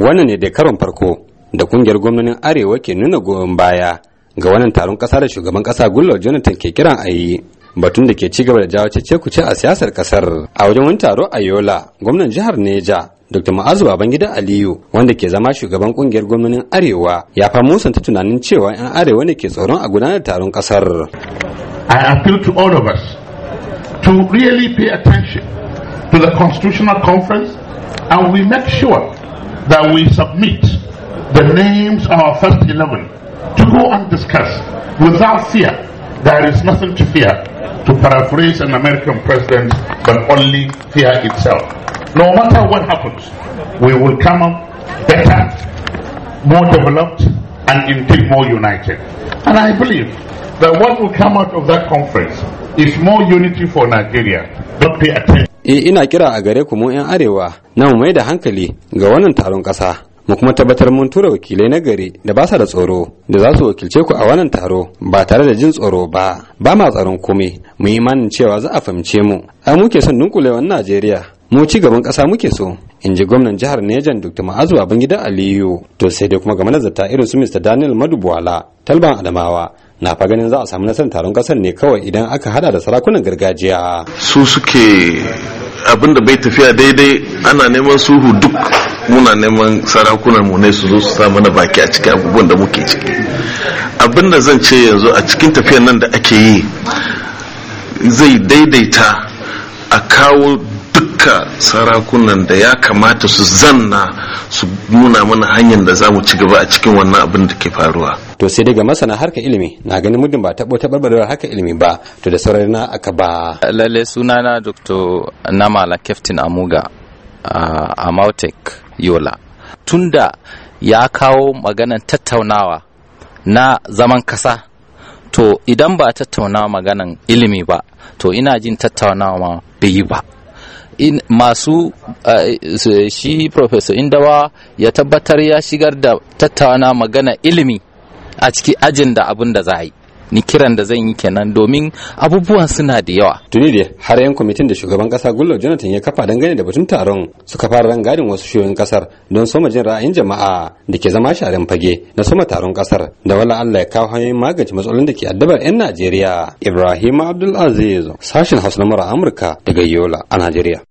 wannan ne da karon farko da kungiyar gwamnonin arewa ke nuna goyon baya ga wannan taron kasa da shugaban kasa gullo jonathan ke kiran a yi batun da ke ci gaba da jawo cece kuce a siyasar kasar a wajen wani taro a yola gwamnan jihar neja dr ma'azu babangida aliyu wanda ke zama shugaban kungiyar gwamnonin arewa ya fa musanta tunanin cewa yan arewa ne ke tsoron a gudanar taron kasar i appeal to all of us to really pay attention to the constitutional conference and we make sure that we submit the names of our first 11 to go and discuss without fear. There is nothing to fear, to paraphrase an American president, but only fear itself. No matter what happens, we will come up better, more developed, and indeed more united. And I believe that what will come out of that conference is more unity for Nigeria. Don't pay attention. E ina kira a gare ku mu 'yan arewa na mu mai da hankali ga wannan taron ƙasa. mu kuma tabbatar mun tura wakilai na gari da ba sa da tsoro da za su wakilce ku a wannan taro ba tare da jin tsoro ba ba ma tsaron komai mu yi imanin cewa za a fahimce mu ai muke son wani Najeriya mu ci gaban ƙasa muke so in ji gwamnan jihar Nejan Dr. Ma'azu Abangida Aliyu to sai dai kuma ga manazarta irin su Mr. Daniel Madubuwala talban Adamawa na fa ganin za a samu nasarar taron kasar ne kawai idan aka hada da sarakunan gargajiya su suke abin da bai tafiya daidai ana neman suhu duk muna neman sarakunan mu ne su zo su samu na baki a cikin abubuwan da muke ciki abin da zan ce yanzu a cikin tafiyan nan da ake yi zai daidaita a kawo duka sarakunan da ya kamata su zanna su nuna mana hanyar da za mu ci gaba a cikin wannan abin da ke faruwa to sai daga masana harka ilimi na gani muddin ba taɓo ta haka ilimi ba to da saurari aka ba lalle sunana dr namala captain amuga a mautek yola tunda ya kawo maganan tattaunawa na zaman kasa to idan ba tattauna maganan ilimi ba to ina jin tattaunawa bai yi ba in masu shi professor indawa ya tabbatar ya shigar da tattauna magana ilimi a ciki ajin da abin da za a yi ni kiran da zan yi kenan domin abubuwan suna da yawa. Tuni da har yan kwamitin da shugaban kasa Gullo Jonathan ya kafa dangane da batun taron suka fara rangadin wasu shiyoyin kasar don soma jin ra'ayin jama'a da ke zama sharen fage na soma taron kasar da wala Allah ya kawo hanyoyin magance matsalolin da ke addabar 'yan Najeriya. Ibrahim Abdulaziz sashen Hausa na Amurka daga Yola a Najeriya.